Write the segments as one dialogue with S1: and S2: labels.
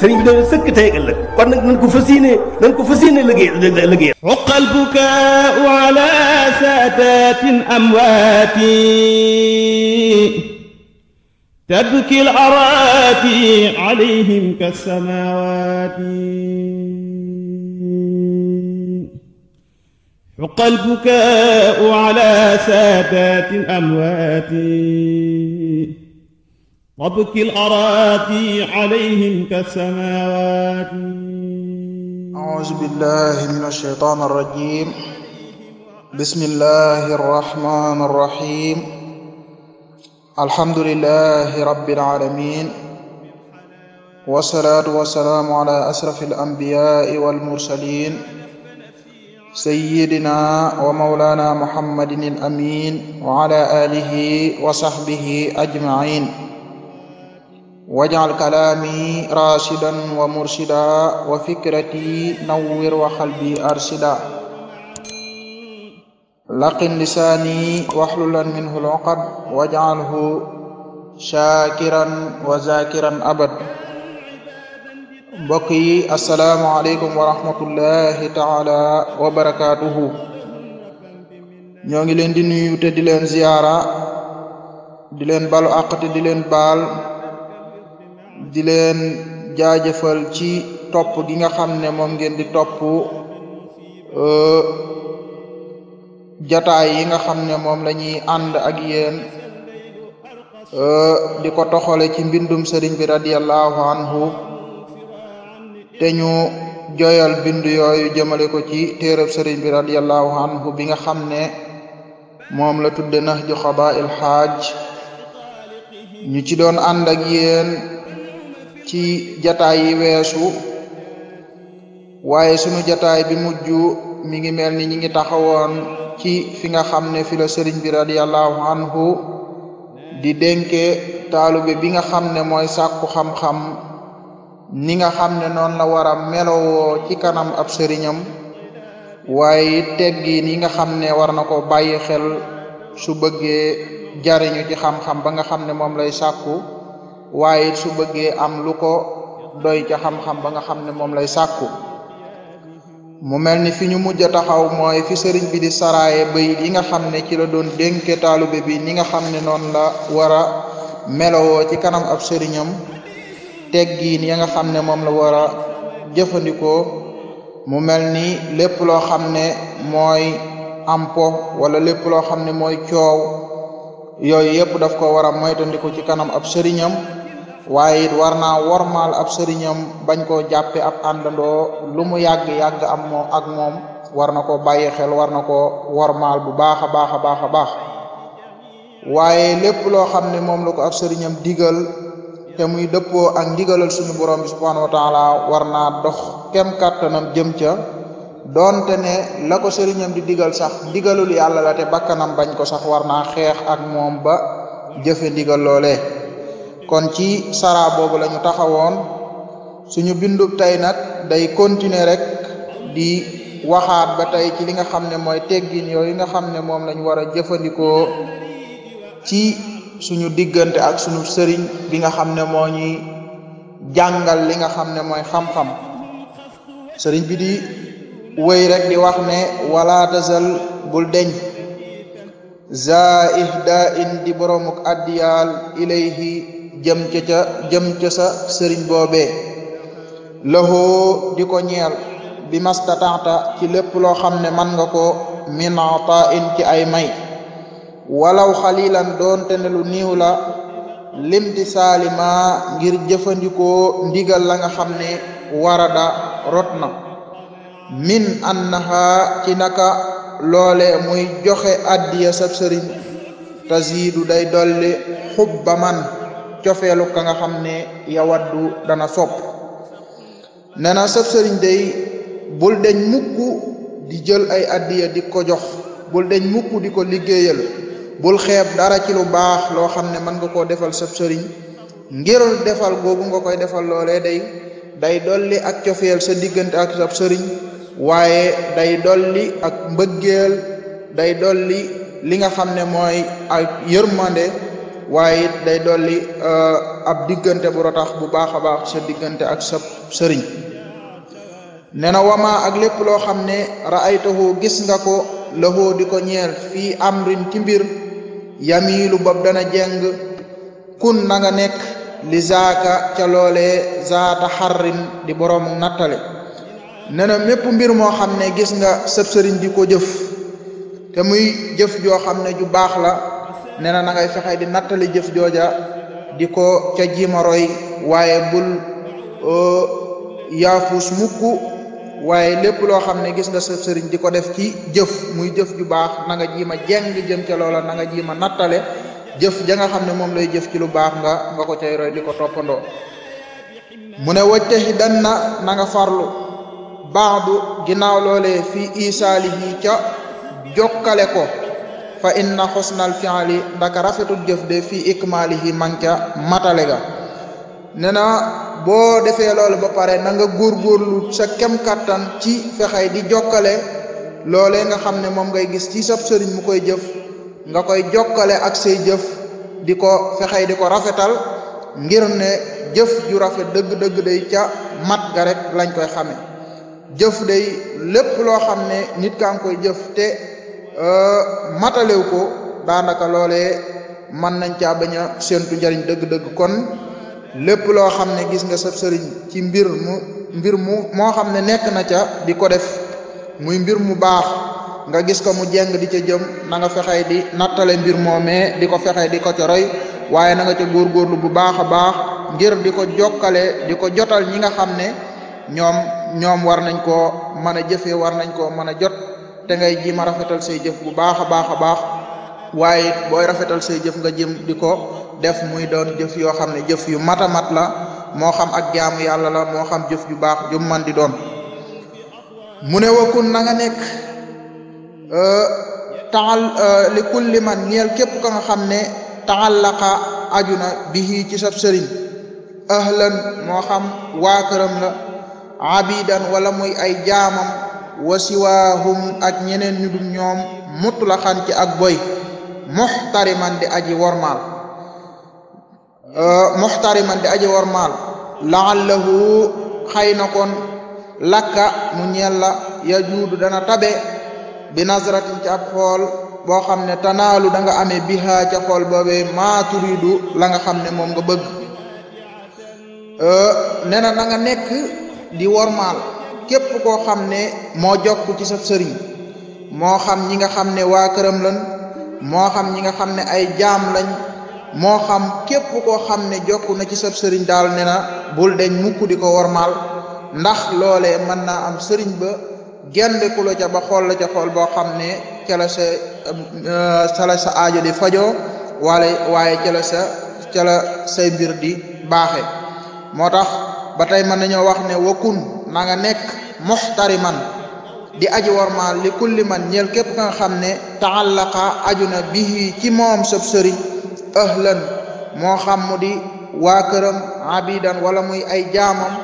S1: sëriñ bi dañu sëkk tey ëllëg kon nag nañ ko fas yéene nañ ko fas yéene liggéey liggéey uqal bukaau ala saadatin amwaati tabki l araati alayhim kasamawaati uqal bukaau ala saadatin amwaati وابكي الأراضي عليهم كالسماوات أعوذ بالله من الشيطان الرجيم بسم الله الرحمن الرحيم الحمد لله رب العالمين والصلاة والسلام على أشرف الأنبياء والمرسلين سيدنا ومولانا محمد الأمين وعلى آله وصحبه أجمعين wajal kalaami rashidan wa murshida wa fikrati nawwir wa qalbi arshida laqin lisaani waxlulan minhu loqad wajalhu shakiran wa zakiran abad mbokk yi asalaamu aleykum wa rahmatullahi taala wa barakaatuhu ñoo ngi leen di nuyu te di leen ziyaara di leen balu àq te di leen baal di leen jaajëfal ci topp gi nga xam ne moom ngeen di topp euh, jataay yi nga xam ne moom la ñuy ànd ak yéen euh, di ko toxale ci mbindum sëriñ bi radiallahu anhu te ñu joyal bind yooyu jëmale ko ci téereb sëriñ bi radiallahu anhu bi nga xam ne moom la tudde Nahju Qadaa'il Haaj ñu ci doon ànd ak yéen ci jataay weesu waaye sunu jataay bi mujj mi ngi mel ni ñi ngi taxawoon ci fi nga xam ne fi la sëriñ bi radiyallahu anhu di dénke taalube bi nga xam ne mooy sàkku xam-xam ni nga xam ne noon la war a melowoo ci kanam ab sëriñam waaye teggiin yi nga xam ne war na ko bàyyi xel su bëggee jariñu ci xam-xam ba nga xam ne moom lay sàkku waaye su bëggee am lu ko doy ca xam-xam ba nga xam ne moom lay sàkku mu mel ni fi ñu mujj a taxaw mooy fi sëriñ bi di saraaye bayit yi nga xam ne ci la doon dénke taalube bi ni nga xam ne noonu la war a melowoo ci kanam ab sëriñam teggiin ya nga xam ne moom la war a jëfandikoo mu mel ni lépp loo xam ne mooy ampo wala lépp loo xam ne mooy coow yooyu yëpp daf ko war a moytandiku ci kanam ab sëriñam waaye it war naa wormaal ab sëriñam bañ koo jàppe ab àndandoo lu mu yàgg-yàgg am moom ak moom war na ko bàyyi xel war na ko wormaal bu baax a baax a baax a baax waaye lépp loo xam ne moom la ko ab sëriñam digal te muy dëppoo ak ndigalal suñu borom bi subhanahu wa taala war naa dox kem kàttanam jëm ca doonte ne la ko sëriñam di digal sax digalul yàlla la te bakkanam bañ ko sax war naa xeex ak moom ba jëfe ndigal loolee kon ci sara boobu la taxawoon suñu bindub tey nag day continuer rek di waxaat ba tey ci li nga xam ne mooy teggin yooyu nga xam ne moom lañu ñu war a jëfandikoo ci suñu diggante ak suñu sëriñ bi nga xam ne moo jàngal li nga xam ne mooy xam sëriñ bi di wéy rek di wax ne wala tasal bul deñ za ihda in di boromuk ilayhi jëm ca jëm ca sa sëriñ boobe lahoo di ko ñeel bi mastataata ci lépp loo xam ne man nga ko min atain ci ay may walaw xalilan doonte ne lu niiw la limti saalima ngir jëfandikoo ndigal la nga xam ne warada rot na min annaha ci naka loole muy joxe addiya sab sëriñ taziidu day dolli xubba man cofeelu ka nga xam ne yawaddu dana sopp nee na sab sëriñ day bul deñ mukk di jël ay addiya di ko jox bul deñ mukk di ko liggéeyal bul xeeb dara ci lu baax loo xam ne mën nga koo defal sab sëriñ ngir defal googu nga koy defal loolee day day dolli ak cofeel sa diggante ak sab sëriñ waaye day dolli ak mbëggeel day dolli li nga xam ne mooy ak yërmande waaye day dolli uh, ab diggante bu rotax bu baax a baax sa diggante ak sa sëriñ ne na wama ak lépp loo xam ne raaytahu gis nga ko lahoo di ko ñeer fii amrin ci mbir yamiilu bob dana jeng kun na nga nekk li zaaka ca loole zaata xarrin di borom nattale nena mépp mbir moo xam ne gis nga sab sëriñ di ko jëf te muy jëf joo xam ne ju baax la nee na na ngay di nattale jëf jooja di ko ca jiimaroy waaye bul yaafuus mukk waaye lépp loo xam ne gis nga sa sëriñ di ko def ci jëf muy jëf ju baax na nga jiima jeng jëm ca loola na nga jiima nattale jëf ja nga xam ne moom lay jëf ci lu baax nga nga ko cay roy di ko toppandoo mu ne waccaxi dan na na nga farlu baax bu ginnaaw loolee fii isaalihi ca jokkale ko fa na xosnal fi'ali ndaka rafetul jëf de fii mang ca matale ga nee na boo defee loolu ba pare na nga góorlu sa kem kattan ci fexey di jokkale loole nga xam ne moom ngay gis ci sab sëriñ mu koy jëf nga koy jokkale ak say jëf di ko fexey di ko rafetal ngir ne jëf ju rafet dëgg-dëgg day ca mat ga rek lañ koy xame jëf day lépp loo xam ne nit kaa koy jëf te Euh, matalew ko daanaka loole mën nañ caa bañ a séentu njariñ dëgg-dëgg kon lépp loo xam ne gis nga sab sëriñ ci mbir mu mbir mu moo xam ne nekk na ca di ko def muy mbir mu baax nga gis ko mu jeng di ca jëm na nga fexey di nattale mbir moomee di ko fexey di ko ca roy waaye na nga ca góorgóorlu bu baax a baax ngir di ko jokkale di ko jotal ñi nga xam ne ñoom ñoom war nañ ko mën a jëfee war nañ ko mën a jot te ngay ji ma say jëf bu baax a baax a baax waaye booy rafetal say jëf nga jëm di ko def muy doon jëf yoo xam ne jëf yu mat a mat la moo xam ak jaamu yàlla la moo xam jëf yu baax ju man di doon mu ne wakun na nga nekk euh, taxal euh, li kulli man ñeel képp ka nga xam ne taxallaqa ajuna bihi ci sab sëriñ ahlan moo xam waa la abidan wala muy ay jaamam wa siwaahum ak ñeneen ñu dul ñoom mutlaqan ci ak boy muxtariman di aji wormaal euh, muxtariman di aji wormaal xay na kon lakka mu ñeel la ya juudu dana tabe bi nasratin ci ab xool boo xam ne tanaalu danga nga amee bihaa ca xool boobee maa turidu la nga xam ne moom nga bëgg euh, nee na nga nekk di wormaal képp koo xam ne moo jokk ci sa sëriñ moo xam ñi nga xam ne waa këram lañ moo xam ñi nga xam ne ay jaam lañ moo xam képp koo xam ne jokk na ci sa sëriñ daal ne na bul deñ mukk di ko wormaal ndax loole mën naa am sëriñ ba gendeku la ca ba xool la ca xool boo xam ne cala la sa euh, ca sa aajo di fajoo wala waaye ca sa cala la say mbir di baaxe moo tax ba tey mën nañoo wax ne wakun na nga nekk muxtariman di aji warmaal li kulli man ñeel képp ka xam ne taallaqa aju na bihi ci moom sab sëriñ ahlan moo xam mu di waa këram abidan wala muy ay jaamam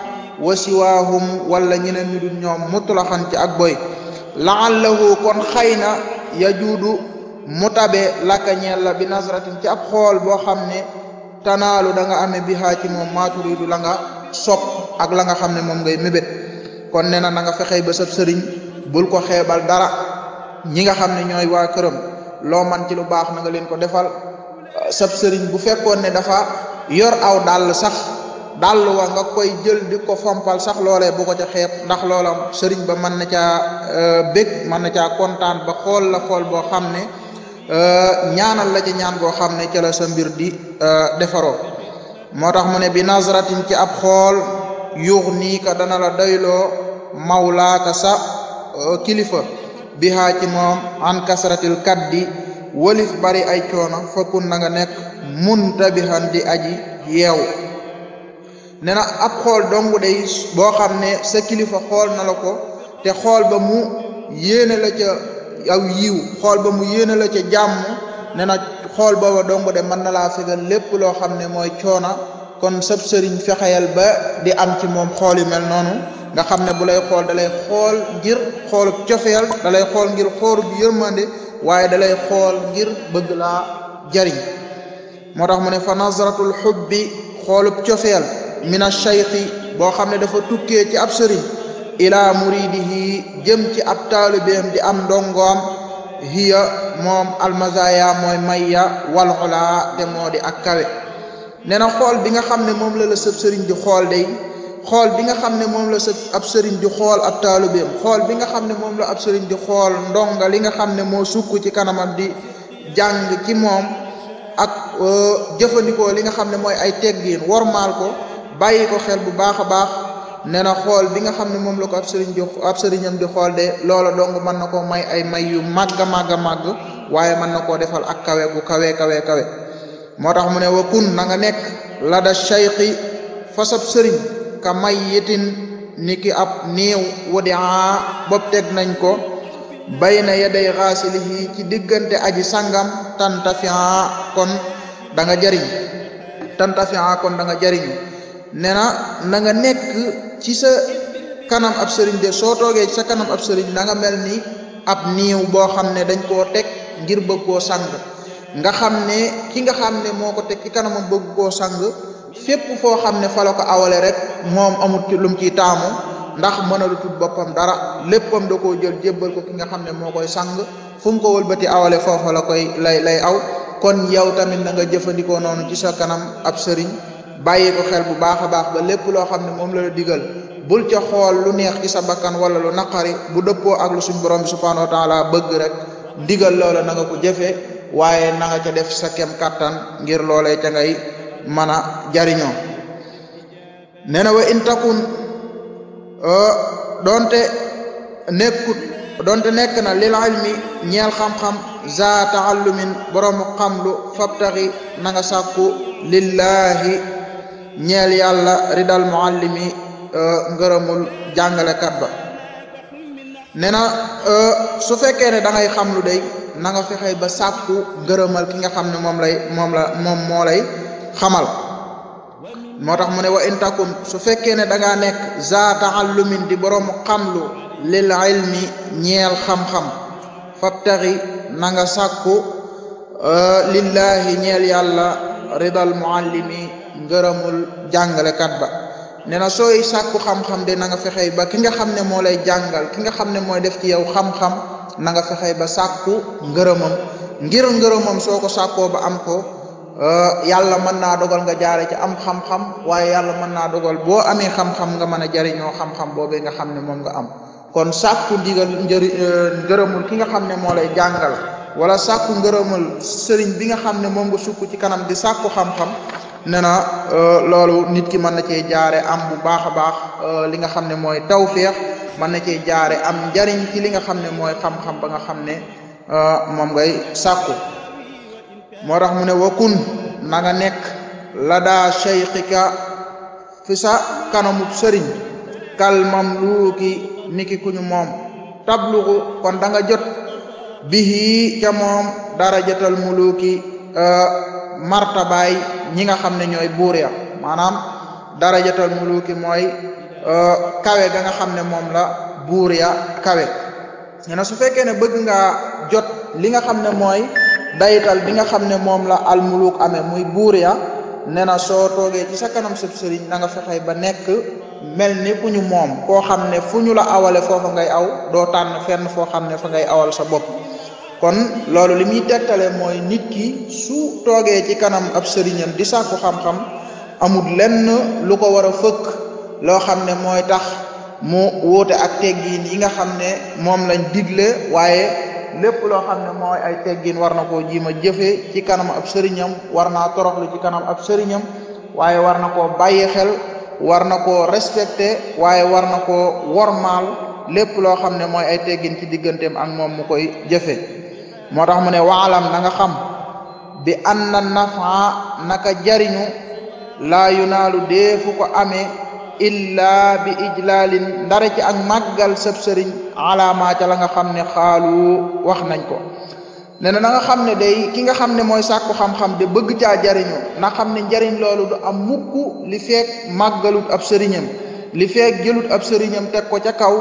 S1: wa siwaahum wala ñeneen ñu dul ñoom mutlaxan ci ak boy laallahu kon xëy na yajuudu mu tabe lakka ñeel la bi nasratin ci ab xool boo xam ne tanaalu danga nga amee bihaa ci moom maaturidu la nga sopp ak la nga xam ne moom ngay mébét kon nee na na nga fexey ba sab sëriñ bul ko xeebal dara ñi nga xam ne ñooy waa këram loo man ci lu baax na nga leen ko defal sab sëriñ bu fekkoon ne dafa yor aw dàll sax dàll wa nga koy jël di ko fompal sax loolee bu ko ca xeeb ndax loola sëriñ ba mën na caa euh, bég mën na caa kontaan ba xool la xool boo xam ne euh, ñaanal la ci ñaan boo xam ne ca la sa mbir di euh, defaroo moo tax mu ne bi nasratin ci ab xool yuxniika dana la doyloo mawlaaka sax uh, kilifa bihaa ci moom an kasratil kaddi walif bari ay coono fakkun nekk nga nekk muntabihan di aji yeew ne na ab xool dong boo xam ne sa kilifa xool nala ko te xool ba mu yéene la ca aw yiw xool ba mu yéene la ca jàmm ne na xool booba dong de mën na laa fegal lépp loo xam ne mooy coona kon sab sëriñ fexeyal ba di am ci moom xool yu mel noonu nga xam ne bu lay xool da lay xool ngir xoolub cofeel da lay xool ngir xoolub yërmande waaye da lay xool ngir bëgg laa jariñ moo tax mu ne fa nazratul xubbi xoolub cofeel mina shayxi boo xam ne dafa tukkee ci ab sëriñ ilaa muridihi jëm ci ab taalibeem di am ndongoom hiya moom almazaya mooy mayya walxulaa te moo di ak kawe nee na xool bi nga xam ne moom la la sëb sëriñ di xool day xool bi nga xam ne moom la sa ab sëriñ di xool ab taalubeem xool bi nga xam ne moom la ab sëriñ di xool ndonga li nga xam ne moo sukk ci kanamam di jàng ci moom ak euh, jëfandikoo li nga xam ne mooy ay teggiin wormaal ko bàyyi ko xel bu baax a baax nee na xool bi nga xam ne moom la ko ab sëriñ di ab sëriñam di xool de loola dong mën na koo may ay may yu màgg a màgg màgg waaye mën na koo defal ak kawe bu kawe kawe kawe moo tax mu ne wa kun na nga nekk la da shayqi fasab sëriñ ka may yitin ni ki ab néew wadiaa bopp teg nañ ko bay na yaday xaasilihi ci diggante aji sangam tantafia kon da nga jariñ kon danga nga jariñ nee na na nga nekk ci sa kanam ab sëriñ de soo toogee ci sa kanam ab sëriñ na mel ni ab niiw boo xam ne dañ koo teg ngir bëgg koo sang nga xam ne ki nga xam ne moo ko teg ci kanamam bëgg koo sang fépp foo xam ne fa la ko awale rek moom amut lum ciy taamu ndax mënalu tut boppam dara léppam da ko jël jébbal ko ki nga xam ne moo koy sang fu mu ko wëlbati awale foofa la koy lay lay aw kon yow tamit na nga jëfandikoo noonu ci sa kanam ab sëriñ bàyyi ko xel bu baax a baax ba lépp loo xam ne moom la la digal bul ca xool lu neex ci sa bakkan wala lu naqari bu dëppoo ak lu suñ borom bi subhanahu wa bëgg rek digal loola na ko jëfee waaye na nga def sa kem kàttan ngir loolee ca ngay mën a jariñoo nee na wa intakun donte nekkut donte nekk na lil ilmi ñeel xam-xam za taallumin boromu xamlu fabtaxi na nga sàkku lillahi ñeel yàlla ridal muallimi ngërëmul jàngalekat ba nee na euh, su fekkee ne da xamlu xam lu day na nga fexey ba sàkku gërëmal ki nga xam ne moom lay moom la moom moo lay xamal moo tax mu ne wa intakum su fekkee ne da ngaa nekk za taallumin di borom xamlu lil ilmi ñeel xam-xam fabtaxi nanga nga sàkku euh, lillahi ñeel yàlla ridal muallimi ngërëmul jàngalekat ba nee na sooy sàkku xam-xam de na nga fexey ba ki nga xam ne moo lay jàngal ki nga xam ne mooy def ci yow xam-xam na nga fexey ba sàkku ngërëmam ngir ngërëmam soo ko sàkkoo ba am ko euh, yàlla mën naa dogal nga jaare ci am xam waaye yàlla mën naa dogal boo amee xam nga mën a jariñoo xam-xam nga xam ne moom nga am kon sàkku ndigal njëri euh, ngërëmul ki nga xam ne moo lay jàngal wala sàkku ngërëmul sëriñ bi nga xam ne moom nga sukk ci kanam di sàkku xam-xam nee na euh, loolu nit ki mën na cee jaare am bu baax a baax euh, li nga xam ne mooy tawféex mën na cee jaare am njariñ ci li nga xam ne mooy xam-xam ba nga xam ne euh, moom ngay sàkku moo tax mu ne wakun na nga nekk la daa cheyqika fi sa kanamub sëriñ kal mamluuki niki kuñu moom tablugu kon da nga jot bihi ca moom darajatal muluuki martabaay ñi nga xam ne ñooy buur ya maanaam jotal muluki mooy euh, kawe ga nga xam ne moom la buur ya kawe nee na su fekkee ne bëgg nga jot li nga xam ne mooy dayital bi nga xam ne moom la almuluk amee muy buur ya nee na soo toogee ci sa kanam sëb sëriñ na nga fexey ba nekk mel ni ku ñu moom koo xam ne fu ñu la awale foofa ngay aw doo tànn fenn foo xam ne fa ngay awal sa bopp kon loolu li muy tegtale mooy nit ki su toogee ci kanam ab sëriñam di sàkku xam-xam amul lenn lu ko war a fëkk loo xam ne mooy tax mu wóote ak teggiin yi nga xam ne moom lañ digle waaye lépp loo xam ne mooy ay teggiin war na koo jiima jëfe ci kanam ab sëriñam war naa toroxlu ci kanam ab sëriñam waaye war na koo bàyyi xel war na ko respecté waaye war na koo wormaal lépp loo xam ne mooy ay teggin ci digganteem ak moom mu koy jëfe moo tax mu ne waalam na nga xam bi anna nafa naka jariñu laa yunaalu deefu ko amee illa bi ijlalin ndare ci ak màggal sëb sëriñ alaamaa ca la nga xam ne xaalu wax nañ ko ne na nga xam ne day ki nga xam ne mooy sàkku xam-xam de bëgg caa jariñu na xam ne njariñ loolu du am mukk li feek màggalut ab sëriñam li feek jëlut ab sëriñam teg ko ca kaw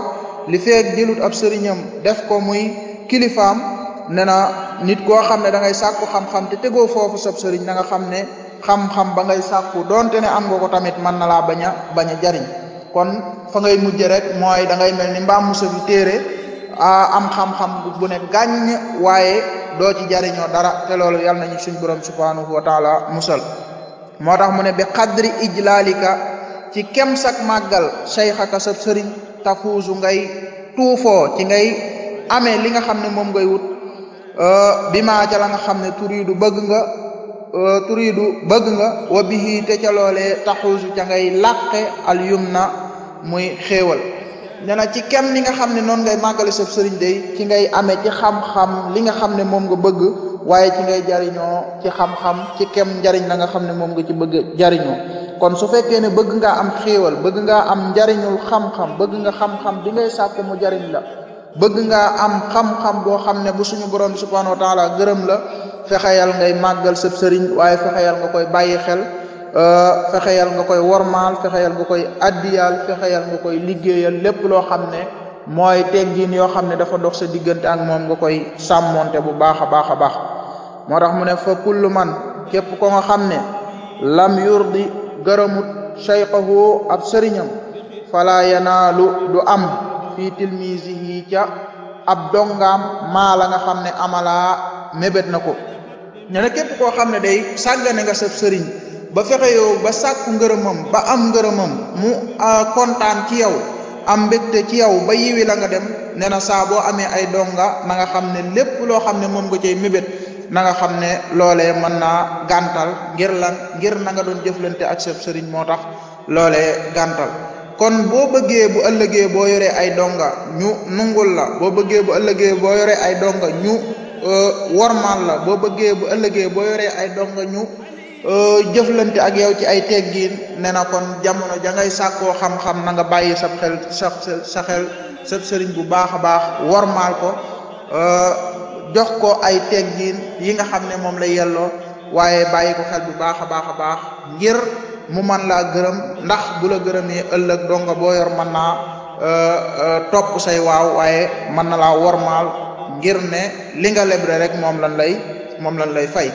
S1: li feek jëlut ab sëriñam def ko muy kilifam ne na nit koo xam ne da ngay sàkku xam-xam te tegoo foofu sob sëriñ na nga xam ne xam-xam ba ngay sàkku doon ne am nga ko tamit mën na laa bañ a bañ a jariñ kon fa ngay mujj rek mooy da ngay mel ni mbaam musa bi téere am xam-xam bu ne gàññ waaye doo ci jariñoo dara te loolu yàlla nañu suñ borom subhanahu wa taala musal moo tax mu ne bi xadri ijlaalika ci kem sak màggal sayxaka sab sëriñ tafuusu ngay tuufoo ci ngay amee li nga xam ne moom ngay wut Euh, bi maa ca nga xam ne turiidu bëgg nga euh, turiidu bëgg nga wa bihi te ca loolee taxuusu ca ngay làqe al yum na muy xéewal nee na ci kem li nga xam ne noonu ngay màggale sëf sëriñ day ci ngay amee ci xam-xam li nga xam ne moom nga bëgg waaye ci ngay jariñoo ci xam-xam ci kem njariñ la nga xam ne moom nga ci bëgg jariñoo kon su fekkee ne bëgg ngaa am xéewal bëgg ngaa am njariñul xam-xam bëgg nga xam-xam bi ngay sàkk mu jariñ la bëgg nga am xam-xam boo xam ne bu suñu borom bi subhanahu wa gërëm la fexeyal ngay màggal sëb sëriñ waaye fexeyal nga koy bàyyi xel euh, fexeyal nga koy wormaal fexeyal nga koy addiyal fexeyal nga koy liggéeyal lépp loo xam ne mooy teggin yoo xam ne dafa dox sa diggante ak moom nga koy sàmmonte bu baax a baax a baax moo tax mu ne fa kullu man képp ko nga xam ne lam yurdi gërëmut cheyqahu ab sëriñam fala lu du am fii tilmisihi ca ab dongam maa la nga xam ne amala mébét na ko ne na képp koo xam ne day sàggane nga sab sëriñ ba fexe yow ba sàkku ngërëmam ba am ngërëmam mu kontaan ci yow am mbégte ci yow ba yiwi la nga dem ne na saa boo amee ay donga na nga xam ne lépp loo xam ne moom nga cay mébét na nga xam ne loole mën naa gàntal ngir lan ngir nga doon jëflante ak sab sëriñ moo tax loolee gàntal kon boo bëggee bu ëllëgee boo yoree ay donga ñu nungul la boo bëggee bu ëllëgee boo yoree ay donga ñu euh, wormaal la boo bëggee bu ëllëgee boo yoree ay donga ñu euh, jëflante ak yow ci ay teggiin ne na kon jamono ja ngay sàkkoo xam-xam na nga bàyyi sa xel sa xel sa sëriñ bu baax a baax wormaal ko euh, jox ko ay teggiin yi nga xam ne moom la yelloo waaye bàyyi ko xel bu baax a baax a baax ngir mu man laa gërëm ndax bu la gërëmee ëllëg donga boo yor man naa euh, euh, topp say waaw waaye mën na laa wormaal ngir ne li nga lebre rek moom lan lay moom lan lay fay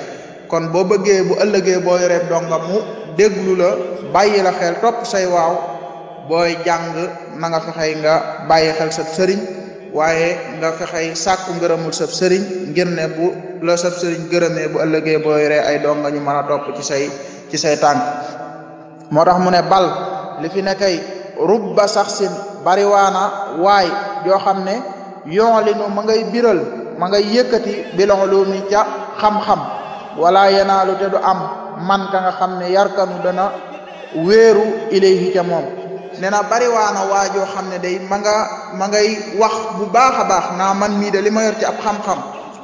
S1: kon boo bëggee bu ëllëgee boo yoree donga mu déglu la bàyyi la xel topp say waaw booy jàng na nga fexey nga bàyyi xel sa sëriñ waaye nga fexey sàkku ngërëmul sa sëriñ ngir ne bu la sa sëriñ gërëmee bu ëllëgee boo yoree ay donga ñu mën a topp ci say ci say tànk moo tax mu ne bal li fi ne kay rubba saxsin bariwaana waay joo xam ne yoolinu ma ngay biral ma ngay yëkkati bilonlumi ca xam-xam wala yenaalu te du am man ka nga xam ne yarkanu dana wéeru ilayhi ca moom nee na bariwaana waa joo xam ne day ma nga ma ngay wax bu baax a baax naa man mii de li ma yor ci ab xam-xam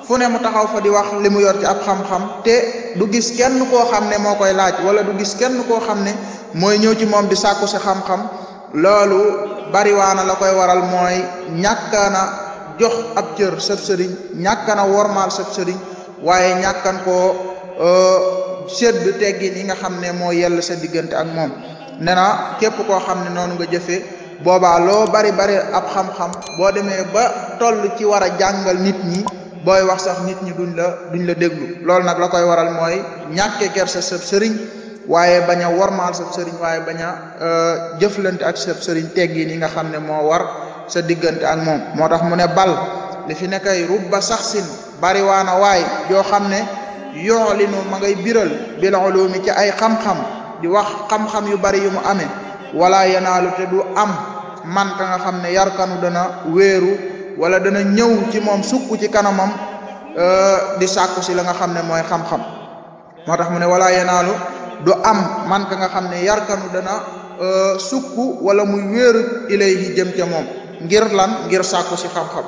S1: fu ne mu taxaw fa di wax li mu yor ci ab xam-xam te du gis kenn koo xam ne moo koy laaj wala du gis kenn koo xam ne mooy ñëw ci moom di sàkku se xam-xam loolu bariwaana la koy waral mooy ñàkkaana jox ab cër sëb sëriñ ñàkkaana wormaal sëb sëriñ waaye ñàkkan koo euh, sedd teggin yi nga xam ne moo yell sa diggante ak moom nee na képp koo xam ne noonu nga jëfee boobaa loo bari bari ab xam-xam boo demee ba toll ci war a jàngal nit ñi booy wax sax nit ñi duñ la duñ la déglu loolu nag la koy waral mooy ñàkkee kersa sab sëriñ waaye bañ a wormaal sab sëriñ waaye bañ a euh, jëflante ak sab sëriñ teggi ni nga xam ne moo war sa diggante ak moom moo tax mu ne bal li fi nekkay rubba sax sin bari waana waay yoo xam ne yoolinu ma ngay biral bil ci ay xam-xam di wax xam-xam yu bari yu mu amee wala yanaalu te du am man ka nga xam ne yarkanu dana wéeru wala dana ñëw ci moom sukk ci kanamam euh, di sàkku si la nga xam ne mooy xam-xam moo tax mu ne wala yenaalu du am man ka nga xam ne yarkanu dana euh, sukk wala muy wéeru ilayhi jëm ca moom ngir lan ngir sàkku si xam-xam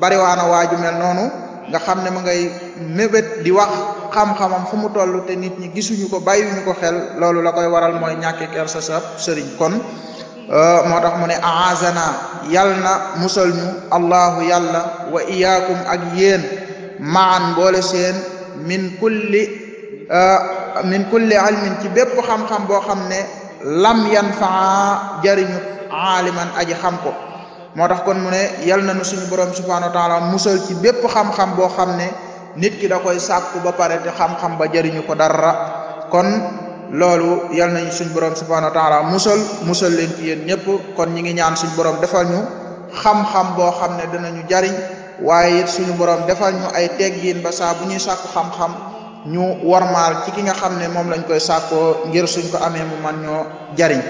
S1: bari waana waaju mel noonu nga xam ne mu ngay mébét di wax xam-xamam fu mu toll te nit ñi gisuñu ko bàyyi bàyyiwuñu ko xel loolu la koy waral mooy ñàkki kersa sa sëriñ kon Euh, moo tax mu ne aazana yal na musal ñu allahu yàlla wa iyaakum ak yéen maan mboole seen min kulli euh, min kulli ilmin ci bépp xam-xam boo xam ne lam yan faa jariñu aaliman aji xam ko moo tax kon mu ne yal na nu suñu borom subhanahu wa taala ci bépp xam-xam boo xam ne nit ki da koy sàkku ba pare te xam-xam ba jariñu ko dara kon loolu yal nañu suñ borom subhanahu wa taala musal musal leen ci yéen ñëpp kon ñi ngi ñaan suñ borom defal ñu xam-xam boo xam ne dinañu jariñ waaye it suñu borom defal ñu ay teggiin ba saa bu ñuy sàkku xam-xam ñu warmaal ci ki nga xam ne moom lañ koy sàkkoo ngir suñ ko amee mu man ñoo jariñ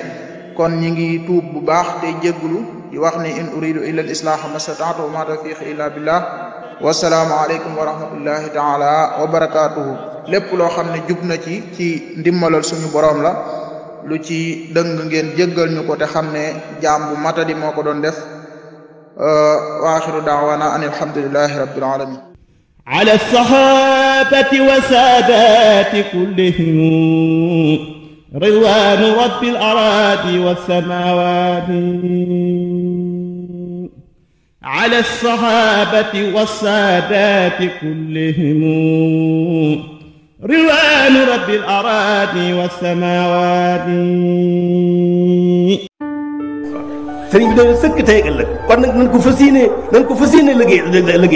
S1: kon ñi ngi tuub bu baax te jégglu di wax ne in uridu illa al islaaha ma stata'tu wa ma tawfiqi illa billah wasalaamualeykum wa rahmatullahi taala wa barakaatuhu lépp loo xam ne jub na ci ci ndimbalal suñu boroom la lu ci dëng ngeen jéggal ñu ko te xam ne jaam bu matadi moo ko doon def wa axiru daawana an alhamdulilahi rabbil alamin ala sahabati wa saadati kullihim ridwanu rabbil aradi wa samawati على الصحابة والسادات كلهم رضوان رب الأراضي والسماوات sëriñ bi de sëkk tey ëllëg kon nag nañ ko fas yéene nañ ko fas yéene liggéey liggéey